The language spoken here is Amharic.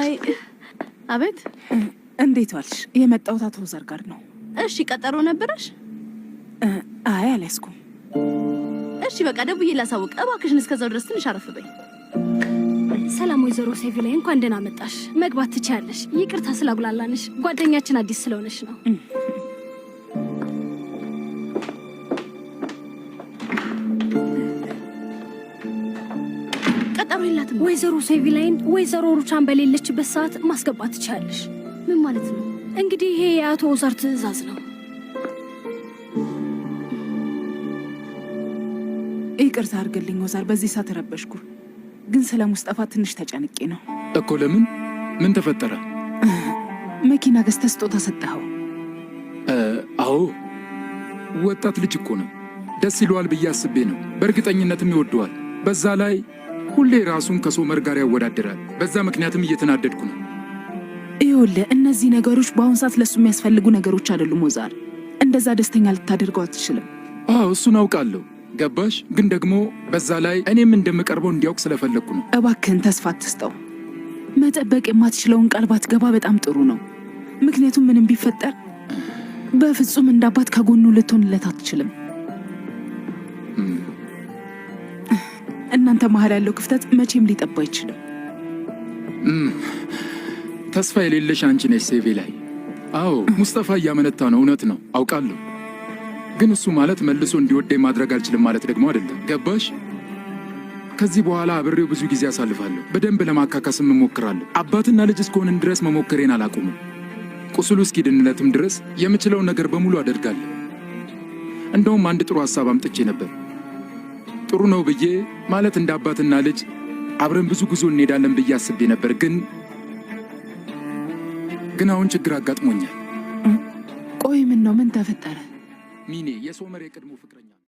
አይ አቤት። እንዴት ዋልሽ? የመጣሁት አቶ ዘር ጋር ነው። እሺ፣ ቀጠሮ ነበረሽ? አይ አልያዝኩም። እሺ፣ በቃ ደውዬ ላሳውቅ። እባክሽን እስከዛው ድረስ ትንሽ አረፍ ሰላም ወይዘሮ ሴቪ ላይ እንኳን ደህና መጣሽ። መግባት ትችያለሽ። ይቅርታ ስላጉላላንሽ ጓደኛችን አዲስ ስለሆነሽ ነው። ቀጠሮ የላትም። ወይዘሮ ሴቪላይን ወይዘሮ ሩቻን በሌለችበት ሰዓት ማስገባት ትችላለሽ። ምን ማለት ነው? እንግዲህ ይሄ የአቶ ኦዛር ትዕዛዝ ነው። ይቅርታ አድርግልኝ ኦዛር፣ በዚህ ሰዓት ረበሽኩ። ግን ስለ ሙስጠፋ ትንሽ ተጨንቄ ነው እኮ። ለምን? ምን ተፈጠረ? መኪና ገዝተህ ስጦታ ሰጠኸው? አዎ፣ ወጣት ልጅ እኮ ነው። ደስ ይለዋል ብዬ አስቤ ነው። በእርግጠኝነትም ይወደዋል። በዛ ላይ ሁሌ ራሱን ከሶመር ጋር ያወዳድራል። በዛ ምክንያትም እየተናደድኩ ነው። ይኸውልህ እነዚህ ነገሮች በአሁን ሰዓት ለእሱ የሚያስፈልጉ ነገሮች አይደሉም። ወዛር እንደዛ ደስተኛ ልታደርገው አትችልም። አዎ እሱን አውቃለሁ። ገባሽ? ግን ደግሞ በዛ ላይ እኔም እንደምቀርበው እንዲያውቅ ስለፈለግኩ ነው። እባክህን ተስፋ አትስጠው። መጠበቅ የማትችለውን ቃል ባትገባ በጣም ጥሩ ነው። ምክንያቱም ምንም ቢፈጠር በፍጹም እንዳባት ከጎኑ ልትሆንለት አትችልም። እናንተ መሀል ያለው ክፍተት መቼም ሊጠባ አይችልም። ተስፋ የሌለሽ አንቺ ነሽ ሴቪ ላይ። አዎ ሙስጠፋ እያመነታ ነው፣ እውነት ነው አውቃለሁ። ግን እሱ ማለት መልሶ እንዲወደኝ ማድረግ አልችልም ማለት ደግሞ አይደለም። ገባሽ? ከዚህ በኋላ አብሬው ብዙ ጊዜ አሳልፋለሁ። በደንብ ለማካካስም እሞክራለሁ። አባትና ልጅ እስከሆንን ድረስ መሞከሬን አላቆምም። ቁስሉ እስኪድንለትም ድረስ የምችለውን ነገር በሙሉ አደርጋለሁ። እንደውም አንድ ጥሩ ሀሳብ አምጥቼ ነበር። ጥሩ ነው ብዬ ማለት እንደ አባትና ልጅ አብረን ብዙ ጉዞ እንሄዳለን ብዬ አስቤ ነበር። ግን ግን አሁን ችግር አጋጥሞኛል። ቆይ ምን ነው? ምን ተፈጠረ? ሚኔ የሶመር የቀድሞ ፍቅረኛ